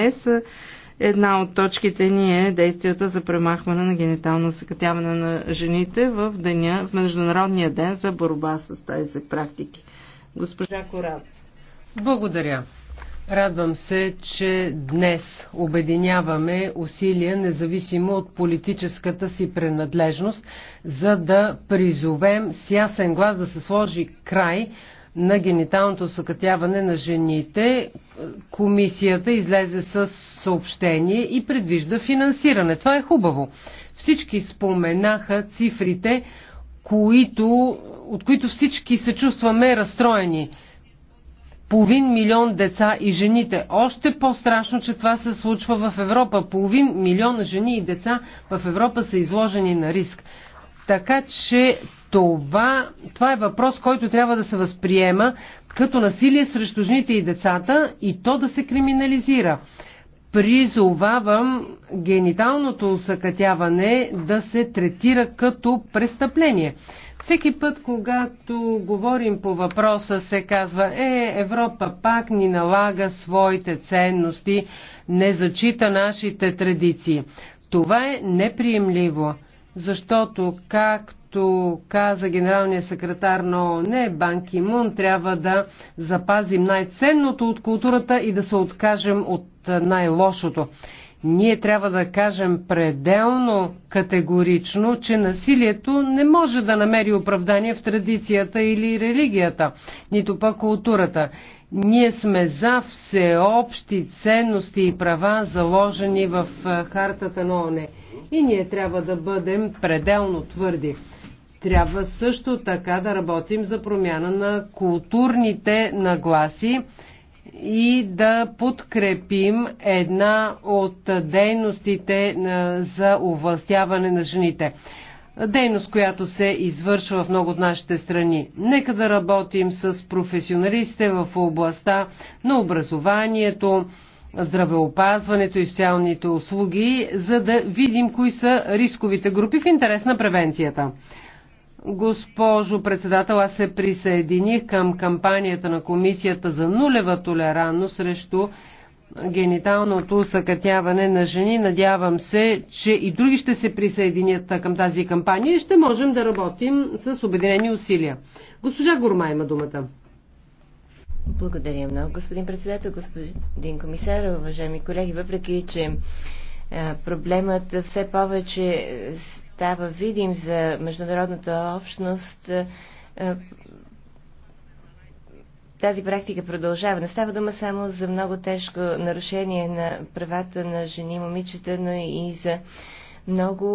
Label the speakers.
Speaker 1: Днес е, една от точките ни е действията за премахване на генитално съкътяване на жените в, деня, в Международния ден за борба с тези практики. Госпожа Корац.
Speaker 2: Благодаря. Радвам се, че днес обединяваме усилия, независимо от политическата си принадлежност, за да призовем с ясен глас да се сложи край на гениталното съкътяване на жените, комисията излезе с съобщение и предвижда финансиране. Това е хубаво. Всички споменаха цифрите, които, от които всички се чувстваме разстроени. Половин милион деца и жените. Още по-страшно, че това се случва в Европа. Половин милион жени и деца в Европа са изложени на риск. Така че това, това е въпрос, който трябва да се възприема като насилие срещу жените и децата и то да се криминализира. Призовавам гениталното усъкътяване да се третира като престъпление. Всеки път, когато говорим по въпроса, се казва, е, Европа пак ни налага своите ценности, не зачита нашите традиции. Това е неприемливо защото, както каза генералният секретар на ООН, Бан Кимун, трябва да запазим най-ценното от културата и да се откажем от най-лошото. Ние трябва да кажем пределно категорично, че насилието не може да намери оправдание в традицията или религията, нито пък културата. Ние сме за всеобщи ценности и права, заложени в хартата на ОНЕ. И ние трябва да бъдем пределно твърди. Трябва също така да работим за промяна на културните нагласи и да подкрепим една от дейностите за овластяване на жените. Дейност, която се извършва в много от нашите страни. Нека да работим с професионалистите в областта на образованието, здравеопазването и социалните услуги, за да видим кои са рисковите групи в интерес на превенцията. Госпожо председател, аз се присъединих към кампанията на Комисията за нулева толерантност срещу гениталното съкътяване на жени. Надявам се, че и други ще се присъединят към тази кампания и ще можем да работим с обединени усилия. Госпожа Горма има думата.
Speaker 1: Благодаря много, господин председател, господин комисар, уважаеми колеги. Въпреки, че е, проблемът все повече става видим за международната общност, е, е, тази практика продължава. Не става дума само за много тежко нарушение на правата на жени и момичета, но и за много